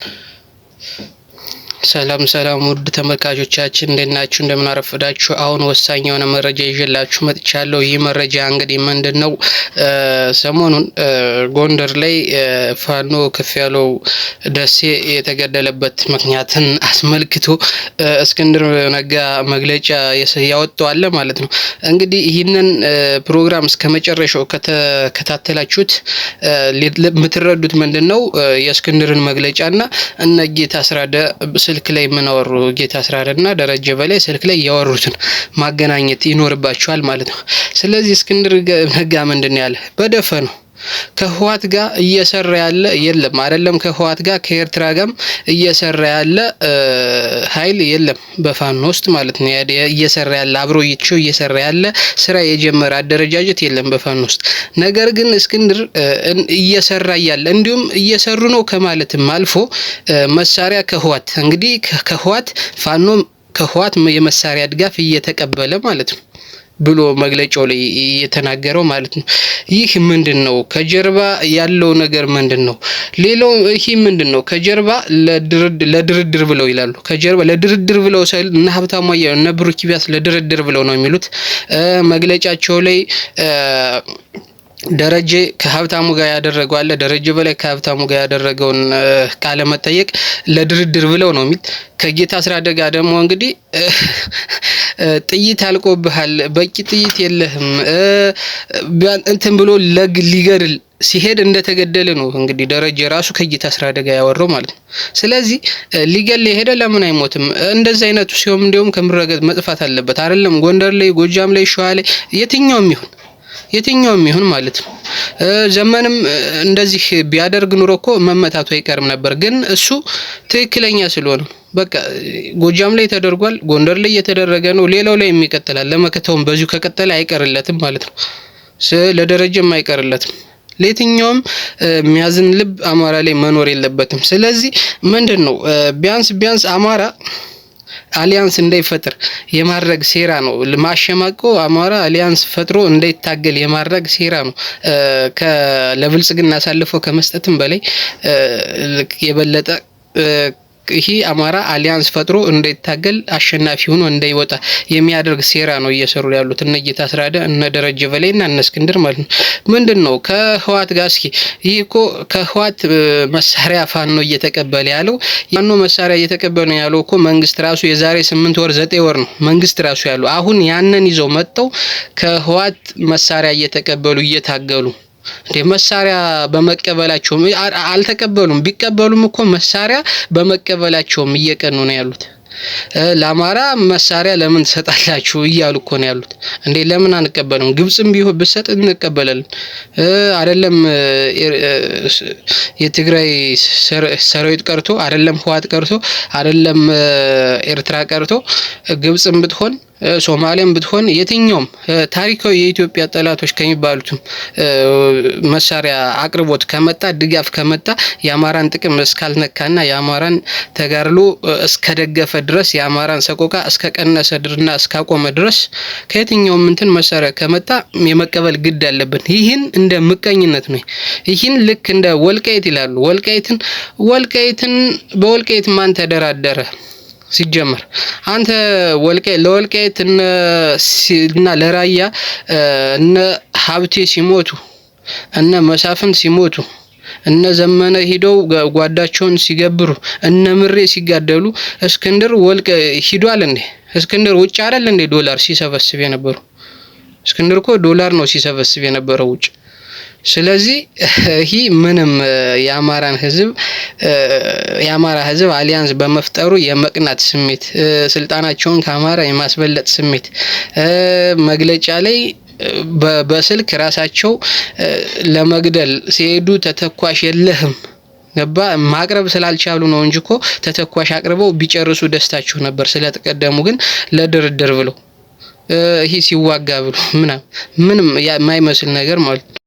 あっ ሰላም ሰላም ውድ ተመልካቾቻችን እንዴት ናችሁ? እንደምን አረፈዳችሁ? አሁን ወሳኝ የሆነ መረጃ ይዤላችሁ መጥቻለሁ። ይህ መረጃ እንግዲህ ምንድን ነው? ሰሞኑን ጎንደር ላይ ፋኖ ከፍ ያለው ደሴ የተገደለበት ምክንያትን አስመልክቶ እስክንድር ነጋ መግለጫ ያወጣዋል ማለት ነው። እንግዲህ ይህንን ፕሮግራም እስከ መጨረሻው ከተከታተላችሁት የምትረዱት ምንድን ነው የእስክንድርን መግለጫና እነ ጌታ አስራደ ስልክ ላይ ምናወሩ ጌታ አስራር እና ደረጀ በላይ ስልክ ላይ ያወሩትን ማገናኘት ይኖርባቸዋል ማለት ነው። ስለዚህ እስክንድር ነጋ ምንድን ነው ያለ? በደፈ ነው ከህዋት ጋር እየሰራ ያለ የለም። አይደለም ከህዋት ጋር ከኤርትራ ጋር እየሰራ ያለ ኃይል የለም በፋኖ ውስጥ ማለት ነው። እየሰራ ያለ አብሮ እየሰራ ያለ ስራ የጀመረ አደረጃጀት የለም በፋኖ ውስጥ። ነገር ግን እስክንድር እየሰራ ያለ እንዲሁም እየሰሩ ነው ከማለትም አልፎ መሳሪያ ከህዋት እንግዲህ ከህዋት ፋኖ ከህዋት የመሳሪያ ድጋፍ እየተቀበለ ማለት ነው። ብሎ መግለጫው ላይ የተናገረው ማለት ነው። ይህ ምንድን ነው? ከጀርባ ያለው ነገር ምንድን ነው? ሌላው ይህ ምንድን ነው? ከጀርባ ለድርድር ብለው ይላሉ። ከጀርባ ለድርድር ብለው ሳይል እነ ሀብታሙ አያሌው እነ ብሩክ ኢሊያስ ለድርድር ብለው ነው የሚሉት መግለጫቸው ላይ ደረጀ ከሀብታሙ ጋር ያደረገው አለ ደረጀ በላይ ከሀብታሙ ጋር ያደረገውን ቃለ መጠየቅ ለድርድር ብለው ነው የሚል ከጌታ ስራ አደጋ ደግሞ እንግዲህ ጥይት ያልቆብሃል፣ በቂ ጥይት የለህም እንትን ብሎ ለግ ሊገድል ሲሄድ እንደተገደለ ነው። እንግዲህ ደረጀ ራሱ ከእይታ ስራ አደጋ ያወራው ማለት ነው። ስለዚህ ሊገል የሄደ ለምን አይሞትም? እንደዚህ አይነቱ ሲሆን እንዲሁም ከምረገጥ መጥፋት አለበት አይደለም? ጎንደር ላይ፣ ጎጃም ላይ፣ ሸዋ ላይ የትኛውም ይሁን የትኛውም ይሁን ማለት ነው። ዘመንም እንደዚህ ቢያደርግ ኑሮ እኮ መመታቱ አይቀርም ነበር። ግን እሱ ትክክለኛ ስለሆነ በቃ ጎጃም ላይ ተደርጓል፣ ጎንደር ላይ እየተደረገ ነው፣ ሌላው ላይ የሚቀጥላል። ለመከተውም በዚሁ ከቀጠለ አይቀርለትም ማለት ነው። ለደረጀም አይቀርለትም። ለየትኛውም የሚያዝን ልብ አማራ ላይ መኖር የለበትም። ስለዚህ ምንድን ነው ቢያንስ ቢያንስ አማራ አሊያንስ እንዳይፈጥር የማድረግ ሴራ ነው። ማሸማቆ አማራ አሊያንስ ፈጥሮ እንዳይታገል የማድረግ ሴራ ነው። ለብልጽግና አሳልፎ ከመስጠትም በላይ የበለጠ ይህ አማራ አሊያንስ ፈጥሮ እንዳይታገል አሸናፊ ሆኖ እንዳይወጣ የሚያደርግ ሴራ ነው እየሰሩ ያሉት እነ ጌታ ስራደ እነ ደረጀ በላይ እና እነ እስክንድር ማለት ነው። ምንድን ነው ከህዋት ጋር እስኪ ይህ እኮ ከህዋት መሳሪያ ፋኖ እየተቀበለ ያለው ፋኖ መሳሪያ እየተቀበለ ያለው እኮ መንግስት ራሱ የዛሬ ስምንት ወር ዘጠኝ ወር ነው መንግስት ራሱ ያለው። አሁን ያንን ይዘው መጥተው ከህዋት መሳሪያ እየተቀበሉ እየታገሉ እንዴ መሳሪያ በመቀበላቸውም አልተቀበሉም። ቢቀበሉም እኮ መሳሪያ በመቀበላቸውም እየቀኑ ነው ያሉት። ለአማራ መሳሪያ ለምን ትሰጣላችሁ እያሉ እኮ ነው ያሉት። እንዴ ለምን አንቀበልም? ግብጽም ቢሆን ብሰጥ እንቀበላለን። አይደለም የትግራይ ሰራዊት ቀርቶ አይደለም ህዋት ቀርቶ አይደለም ኤርትራ ቀርቶ ግብጽም ብትሆን ሶማሊያም ብትሆን የትኛውም ታሪካዊ የኢትዮጵያ ጠላቶች ከሚባሉትም መሳሪያ አቅርቦት ከመጣ ድጋፍ ከመጣ የአማራን ጥቅም እስካልነካና የአማራን ተጋድሎ እስከደገፈ ድረስ የአማራን ሰቆቃ እስከቀነሰ ድርና እስካቆመ ድረስ ከየትኛውም እንትን መሳሪያ ከመጣ የመቀበል ግድ አለብን። ይህን እንደ ምቀኝነት ነው። ይህን ልክ እንደ ወልቃይት ይላሉ። ወልቃይትን ወልቃይትን በወልቃይት ማን ተደራደረ ሲጀመር አንተ ወልቀ ለወልቃይት እና ለራያ እነ ሀብቴ ሲሞቱ እነ መሳፍን ሲሞቱ እነ ዘመነ ሂደው ጓዳቸውን ሲገብሩ እነ ምሬ ሲጋደሉ እስክንድር ወልቀ ሂዷል እንዴ? እስክንድር ውጭ አይደል እንዴ ዶላር ሲሰበስብ የነበረው? እስክንድር እኮ ዶላር ነው ሲሰበስብ የነበረው ውጭ ስለዚህ ይህ ምንም የአማራን ህዝብ የአማራ ህዝብ አሊያንስ በመፍጠሩ የመቅናት ስሜት፣ ስልጣናቸውን ከአማራ የማስበለጥ ስሜት መግለጫ ላይ በስልክ ራሳቸው ለመግደል ሲሄዱ ተተኳሽ የለህም ገባ ማቅረብ ስላልቻሉ ነው እንጂ እኮ ተተኳሽ አቅርበው ቢጨርሱ ደስታችሁ ነበር። ስለተቀደሙ ግን ለድርድር ብሎ ይህ ሲዋጋ ብሎ ምናምን ምንም የማይመስል ነገር ማለት ነው።